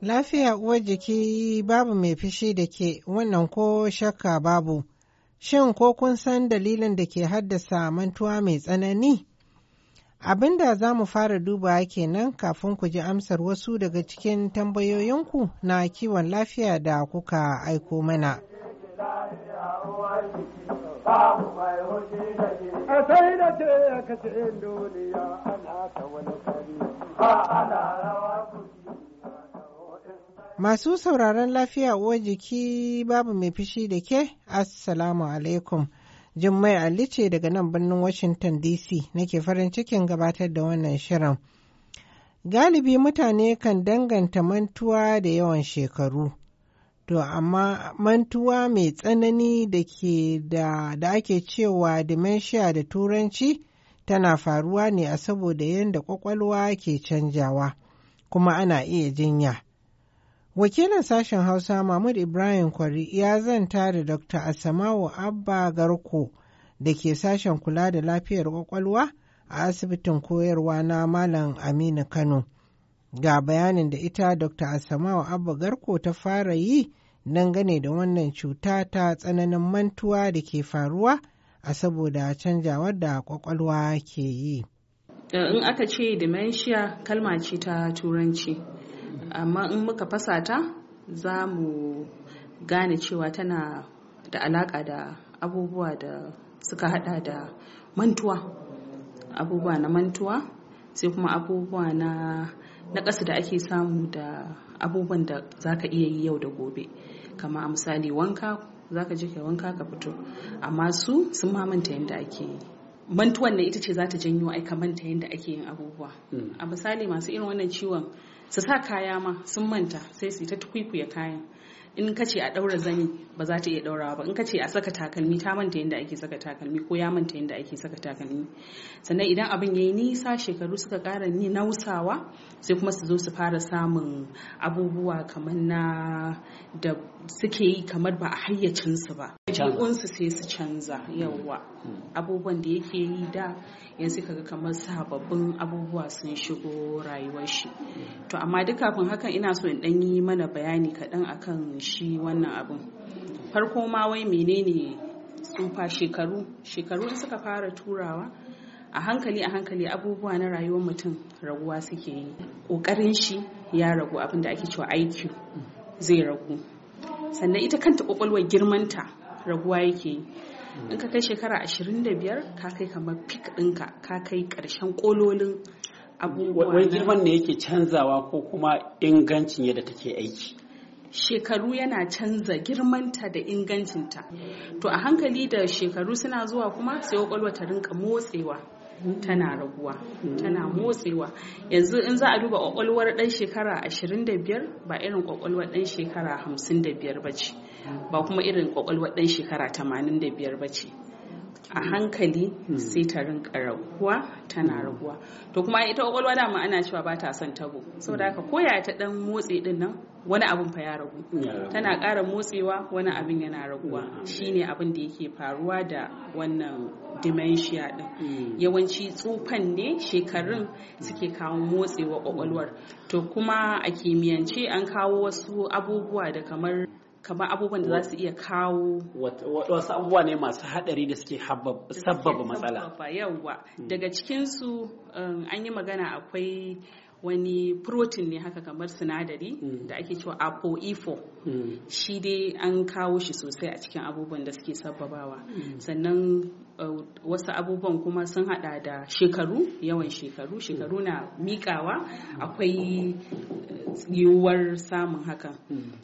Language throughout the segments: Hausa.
Lafiya uwar jiki babu mai fushi da ke wannan ko shakka babu. Shin ko kun san dalilin da ke haddasa mantuwa mai tsanani? Abin da za mu fara dubawa kenan kafin ku ji amsar wasu daga cikin tambayoyinku na kiwon lafiya da kuka aiko mana. Masu sauraron lafiya uwa jiki babu mai fishi da ke, Assalamu alaikum. Jummai Ali ce daga nan birnin Washington DC nake farin cikin gabatar da wannan shirin. Galibi mutane kan danganta mantuwa da yawan shekaru, To, amma mantuwa mai tsanani da ake cewa dementia da turanci tana faruwa ne a saboda yadda kwakwalwa ke canjawa, kuma ana iya jinya. Wakilin sashen Hausa Mahmud Ibrahim Kwari ya zanta da Dr. Asamawo Abba Garko da ke sashen kula da lafiyar kwakwalwa a asibitin koyarwa na Malam Aminu Kano. Ga bayanin da ita Dr. Asamawa Abba Garko ta fara yi dangane da wannan cuta ta tsananin mantuwa da ke faruwa a saboda canjawar da kwakwalwa ke yi. Eh, in aka ce dementia kalma ce ta turanci, amma in muka fasa ta za mu gane cewa tana da alaƙa da abubuwa da suka hada da mantuwa, abubuwa na mantuwa sai kuma abubuwa na na ƙasa da ake samu da abubuwan da za ka iya yi yau da gobe kama a misali wanka za ka je ka wanka ka fito amma su sun mamanta yadda ake yi mantuwan na ita ce za ta janyo aika manta yadda ake yin abubuwa hmm. a misali masu irin wannan ciwon su sa kaya ma sun manta sai su ta tukwikwiya kayan in ka ce a ɗaura zani ba za ta iya ɗaurawa ba in ka ce a saka takalmi ta manta yadda ake saka takalmi ko ya manta yadda ake saka takalmi sannan idan abin ya yi nisa shekaru suka kara ni nausawa sai kuma su zo su fara samun abubuwa kamar na da suke yi kamar ba a hayyacinsu ba su sai su canza yawa mm. abubuwan da yake yi da yanzu kaga kamar sababbin abubuwa sun shigo rayuwar shi mm. to amma duk kafin hakan ina so in ɗan yi mana bayani kaɗan akan shi wannan abun farko ma wai menene tsufa shekaru shekaru in suka fara turawa a hankali a hankali abubuwa na rayuwar mutum raguwa suke yi ƙoƙarin shi ya ragu abin da ake cewa aiki zai ragu sannan ita kanta ƙwaƙwalwar girmanta raguwa yake yi in ka kai shekara 25 ka kai kamar fik ɗinka ka kai ƙarshen ƙololin abubuwa wai girman ne yake canzawa ko kuma ingancin yadda take aiki shekaru yana canza girmanta da ingancinta to a hankali da shekaru suna zuwa kuma sai kwakwalwa ta rinka motsewa tana raguwa tana motsewa yanzu in za a duba kwakwalwar dan shekara 25 ba irin kwakwalwar dan shekara 55 ba ce ba kuma irin kwakwalwar dan shekara 85 ba ce a mm. hankali mm. sai ta rinka raguwa tana mm. raguwa to kuma ita kwakwalwa dama ana cewa ba ta son tabo saboda haka koya ta dan motsi din nan wani abin fa ya ragu tana ƙara motsewa wani abin yana raguwa shine abin da yake faruwa da wannan dementia din yawanci tsufan ne shekarun suke kawo motsewa kwakwalwar to kuma a kimiyyance an kawo wasu abubuwa da kamar kamar abubuwan da za su iya kawo wasu abubuwa ne masu hadari da suke sabbaba matsala yawwa hmm. daga cikinsu um, an yi magana akwai wani protein ne haka kamar sinadari hmm. da ake cewa apoe4 hmm. shi dai an kawo shi sosai a cikin abubuwan da suke sabbabawa hmm. sannan uh, wasu abubuwan kuma sun hada da shekaru yawan shekaru shekaru na mikawa akwai uh, yiwuwar samun haka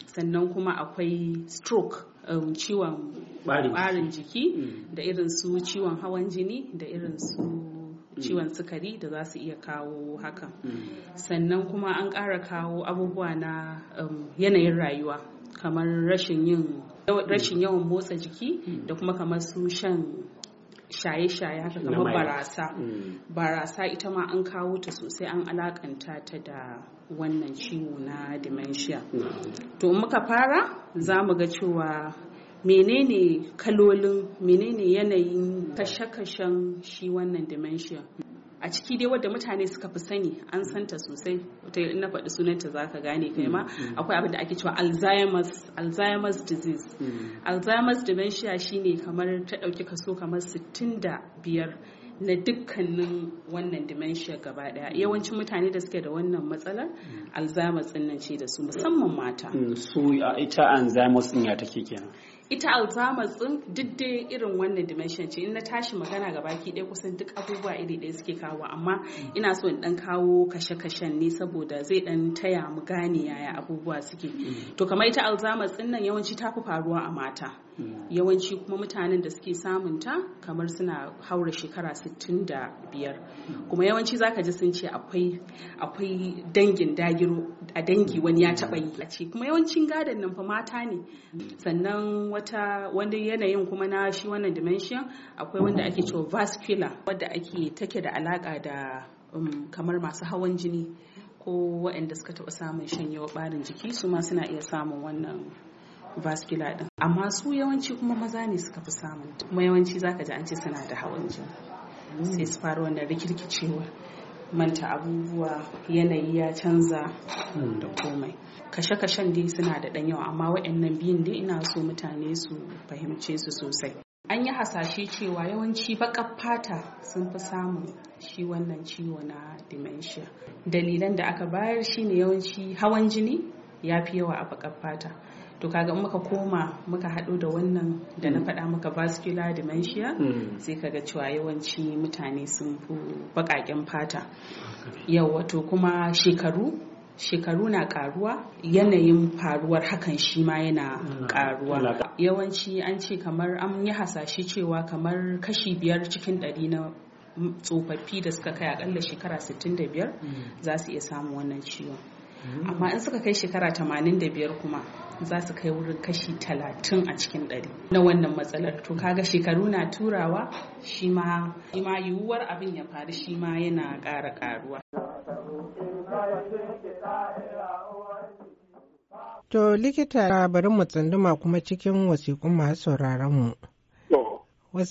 sannan kuma akwai stroke um, ciwon barin jiki da irin su ciwon hawan jini da irin su ciwon mm. sukari da za su iya kawo hakan mm. sannan kuma an ƙara kawo abubuwa na um, yanayin rayuwa kamar rashin mm. yawan motsa jiki da kuma kamar su shan shaye-shaye haka kamar barasa barasa ita ma an kawo ta sosai an alakanta ta da wannan ciwo na dementia to muka fara za mu ga cewa menene kalolin menene yanayin kashe-kashen shi wannan dementia a ciki dai wadda mutane suka fi sani an santa sosai wata in na faɗi sunanta za ka gane kai ma mm, mm. akwai abin da ake cewa alzheimer's alzheimer's disease mm. alzheimer's dementia shine kamar ta ɗauki kaso kamar 65 na dukkanin wannan dementia gaba daya mm. yawancin mutane da suke da wannan matsalar mm. alzheimer's nan ce da su musamman mata mm, su ita alzheimer's din ya take kenan ita alzheimer's din duk dai irin wannan dimension ce in na tashi magana gaba ki daya kusan duk abubuwa iri ɗaya suke kawo amma ina so in dan kawo kashe-kashen ne saboda zai dan taya mu gane yaya abubuwa suke to kamar ita alzheimer's din nan yawanci ta fi faruwa a mata yawanci kuma mutanen da suke samun ta kamar suna haura shekara 65 kuma yawanci zaka ji sun ce akwai dangin dagiro a dangi wani ya taba yi a ce kuma yawancin gadon nan fa mata ne sannan wata wanda yanayin kuma na shi wannan dimension akwai wanda ake cewa vascular wadda ake take da alaka da um, kamar masu hawan jini ko waɗanda suka taɓa samun shanyewa ɓarin jiki su ma suna iya samun wannan vascular din amma su yawanci kuma maza ne suka fi samun kuma yawanci zaka ji an ce suna da hawan jini sai su fara wannan rikirkicewa manta abubuwa yanayi ya canza da komai kashe-kashen dai suna da ɗan yawa amma waɗannan biyun dai ina so mutane su fahimce su sosai an yi hasashe cewa yawanci baƙar fata sun fi samun shi wannan ciwo na dementia dalilan da aka bayar shine yawanci hawan jini ya fi yawa a baƙar fata to kaga in muka koma muka haɗo da wannan da na mm. faɗa maka vascular dementia mm. sai kaga cewa yawanci mutane sun fi baƙaƙen fata yau wato kuma shekaru shekaru na karuwa yanayin faruwar hakan shi ma yana karuwa yawanci an ce kamar an yi hasashe cewa kamar kashi biyar cikin ɗari na tsofaffi da suka kai akalla shekara 65 mm. za su iya samun wannan ciwon amma in suka kai shekara 85 kuma za su kai wurin kashi 30 a cikin 100 na wannan matsalar to kaga shekaru na turawa shi ma yiwuwar abin ya faru shi ma yana ƙara ƙaruwa To likita bari mu tsunduma kuma cikin wasiƙun masu sauraron mu. mu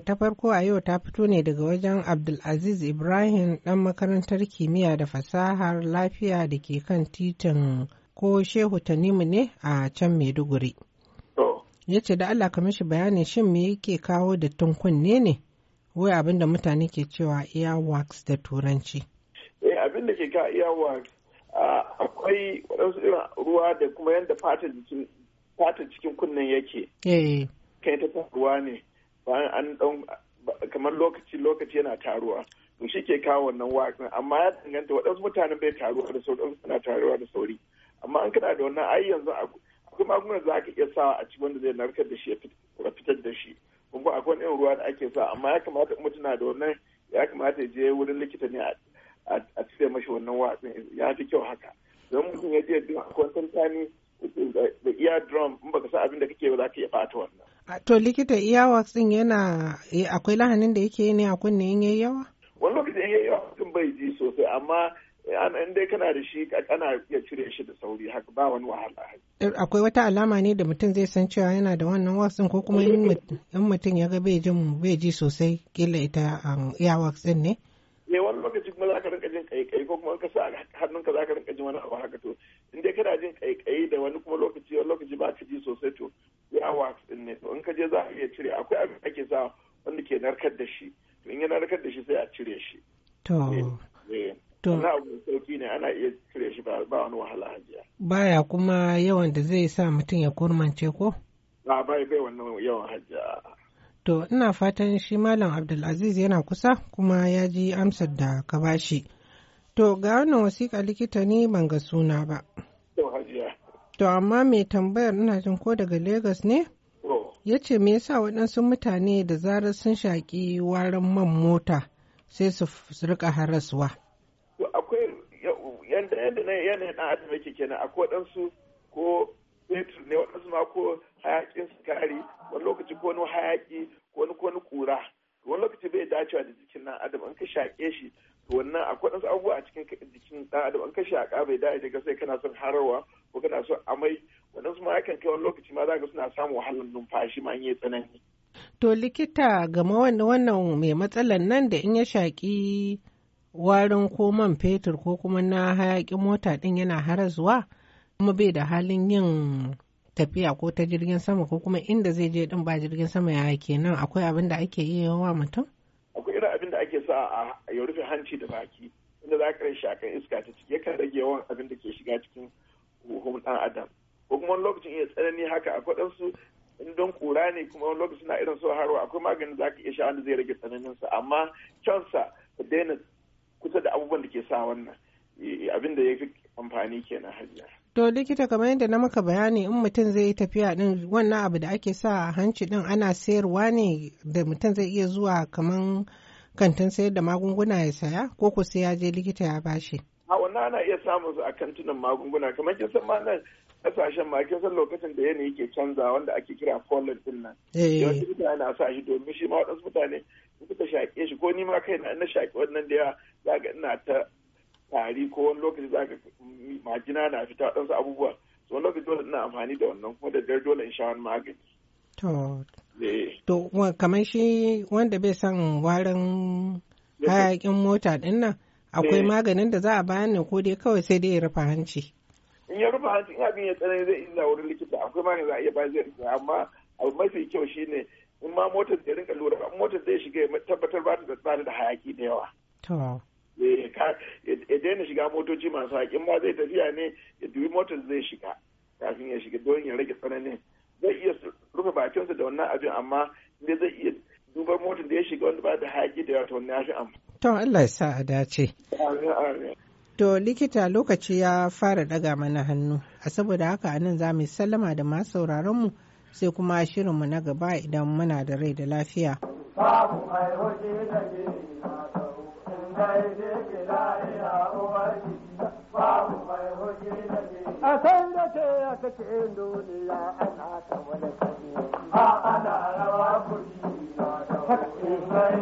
ta farko a yau ta fito ne daga wajen Abdulaziz Ibrahim ɗan makarantar kimiyya da fasahar lafiya da ke kan titin ko Shehu Tanimu ne a can Maiduguri. Ya ce da Allah ka mishi bayanin shin me yake kawo da tunkunne ne? Wai abin da mutane ke cewa earwax da turanci. Eh abin da ke ka earwax akwai waɗansu irin ruwa da kuma yadda fatan cikin kunnen yake. Eh. Kai ta ruwa ne. bayan an ɗan kamar lokaci lokaci yana taruwa to shi ke kawo wannan waƙin amma ya danganta waɗansu mutanen bai taruwa da sauri waɗansu suna taruwa da sauri amma an kana da wannan ai yanzu akwai magungunan za ka iya sawa a cikin wanda zai narkar da shi ya fitar da shi kuma akwai wani ruwa da ake sa amma ya kamata mutum na da wannan ya kamata ya je wurin likita ne a cire mashi wannan watsin ya fi kyau haka don mutum ya je duk akwai tantani da iya drum in baka sa abin da kake ba za ka iya bata wannan To likita earwax din yana eh, akwai lahanin da yake yi ne a kunne in yayi yawa? Wani lokacin yayi yawa mutum bai ji sosai amma eh, in dai kana da shi kana iya cire shi da sauri haka ba wani wahala. Eh, akwai wata alama ne da mutum zai san cewa yana da wannan wax din ko kuma in mutum ya ga bai jin bai ji sosai kila ita um, earwax din ne? Me wani lokaci kuma za ka rinka jin kaikai ko kuma ka sa hannunka za ka rinka jin wani abu haka to in dai kana jin kaikai da wani kuma lokaci wani lokaci ba ka ji sosai to ya wax ne to in ka je za a iya cire akwai abin da ake sa wanda ke narkar da shi to in ya narkar da shi sai a cire shi to eh, eh. to na abu sauki ne ana iya cire shi ba wani wahala hajiya baya kuma yawan da zai sa mutum ya kurmance ko ba bai bai wannan yawan hajiya to ina fatan shi malam abdulaziz yana kusa kuma ya ji amsar da ka bashi to ga wannan wasiƙa likita ne ban ga suna ba to To amma mai tambayar ina jin ko daga Legas ne? ya ce me yasa waɗansu mutane da zarar sun shaƙi warin man mota sai su rika haraswa. akwai yadda yanayin ɗan adam yake kenan akwai waɗansu ko fetur ne waɗansu ma ko hayaƙin sukari wani lokaci ko wani hayaƙi ko wani ko wani ƙura wani lokaci bai dacewa da jikin ɗan adam an ka shaƙe shi to wannan akwai waɗansu abubuwa a cikin jikin ɗan adam an ka shaƙa bai dace daga sai kana son harawa ko kana son amai wadansu ma yakan kai wani lokaci ma za ga suna samun wahalar numfashi ma yi tsanani. To likita game wannan wannan mai matsalar nan da in ya shaƙi warin ko man fetur ko kuma na hayaƙin mota ɗin yana harazuwa kuma bai da halin yin tafiya ko ta jirgin sama ko kuma inda zai je ɗin ba jirgin sama ya kenan akwai abin da ake yi wa mutum? Akwai irin abin da ake sa a ya rufe hanci da baki inda za ka shakan iska ta ciki yakan rage yawan abin da ke shiga cikin huhun ɗan adam. ko kuma wani lokacin iya tsanani haka akwai ɗansu in don kura ne kuma wani lokacin na irin su harwa akwai maganin za ka iya sha wanda zai rage tsananin sa amma kyansa ka daina kusa da abubuwan da ke sa wannan eh, abin da ya fi amfani kenan hanya. To likita kamar yadda na maka bayani in mutum zai yi tafiya din wannan abu da ake sa a hanci din ana sayarwa ne da mutum zai iya zuwa kamar kantin sayar da magunguna ya saya ko ku sai ya je likita ya bashi. A wannan ana iya samun su a kantunan magunguna kamar kin san ma nan kasashen ma kin san lokacin da yanayi ke canza wanda ake kira pollen din nan eh. yawanci mutane na sa shi domin shi ma waɗansu mutane suka shaƙe shi ko ni ma kai na shaƙi wannan da yawa za ga ina ta tari ko wani lokaci za ka majina na fita waɗansu abubuwa so wani lokaci dole ina amfani da wannan kuma da dare dole in sha wani magani. to eh. to kamar shi wanda bai san warin hayaƙin mota ɗin nan akwai eh. maganin da za a bayan ne ko dai kawai sai dai ya rufe hanci. in ya rufe hancin abin ya tsanani zai illa wurin likita akwai magani za a iya ba zai rufe amma abu mafi kyau shine in ma motar da rinka lura ba motar zai shiga ya tabbatar ba ta tsada da hayaki da yawa. Eh, ya daina shiga motoci masu haƙi ma zai tafiya ne ya dubi motar zai shiga kafin ya shiga don ya rage tsananin zai iya rufe bakinsa da wannan abin amma inda zai iya dubar motar da ya shiga wanda ba da haƙi da yawa ta wannan ya fi amma. to Allah ya sa a dace. To likita lokaci ya fara daga mana hannu, a saboda haka a nan za mu sallama da masu sauraronmu sai kuma shirinmu na gaba idan muna da rai da lafiya. Babu mai